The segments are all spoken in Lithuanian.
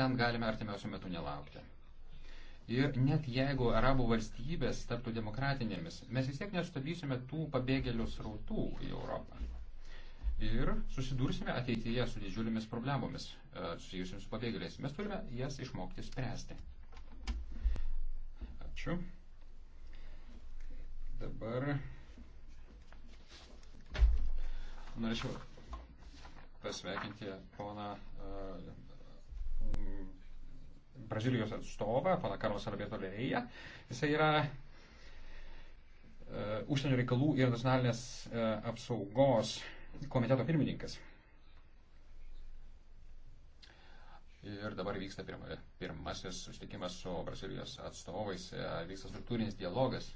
ten galime artimiausių metų nelaukti. Ir net jeigu arabų valstybės taptų demokratinėmis, mes vis tiek nesustabdysime tų pabėgėlių srautų į Europą. Ir susidursime ateityje su didžiulėmis problemomis e, susijusiamis su pabėgėliais. Mes turime jas išmokti spręsti. Ačiū. Dabar norėčiau pasveikinti poną uh, Brazilijos atstovą, pana Karlosą Vietolėje. Jis yra e, užsienio reikalų ir nacionalinės e, apsaugos komiteto pirmininkas. Ir dabar vyksta pirma, pirmasis susitikimas su Brazilijos atstovais, e, vyksta struktūrinis dialogas.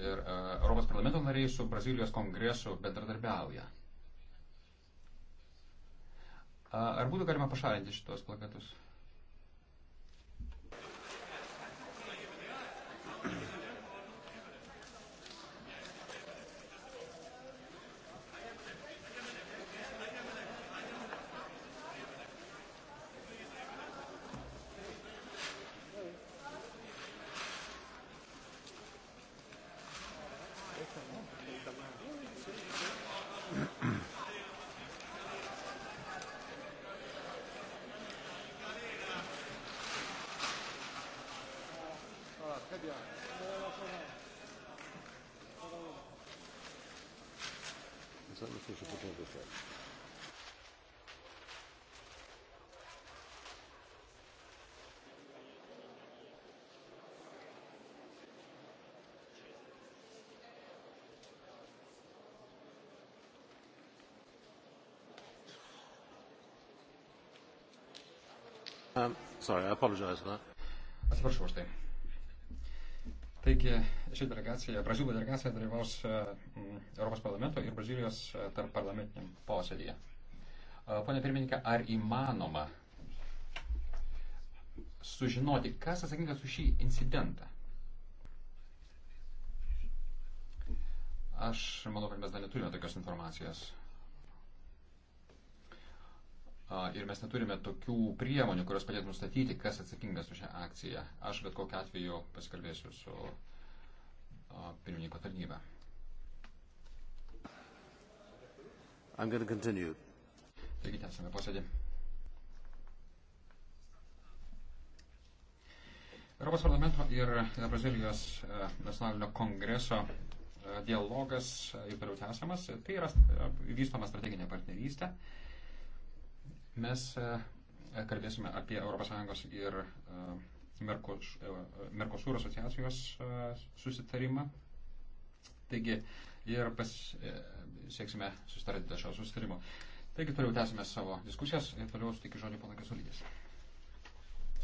Ir uh, Europos parlamento nariai su Brazilijos kongresu bendradarbiauja. Ar būtų galima pašalinti šitos plakatus? Ça, monsieur, je peux bien le faire. Atsiprašau už tai. Taigi ši delegacija, Brazilų delegacija dalyvaus e, Europos parlamento ir Brazilijos e, tarp parlamentiniam posėdėje. E, pone pirmininkė, ar įmanoma sužinoti, kas atsakingas už šį incidentą? Aš manau, kad mes dar neturime tokios informacijos ir mes neturime tokių priemonių, kurios padėtų nustatyti, kas atsakingas už šią akciją. Aš bet kokiu atveju pasikalbėsiu su pirmininko tarnyba. Taigi tęsime posėdį. Europos parlamento ir Brazilijos nacionalinio kongreso dialogas ir toliau tęsiamas. Tai yra vystoma strateginė partnerystė. Mes e, kalbėsime apie ES ir e, Merkosūro e, asociacijos susitarimą. Taigi, ir pas, sieksime susitarti dėl šio susitarimo. Taigi, toliau tęsime savo diskusijas ir toliau sutikiu žodį ponas Kasulydės.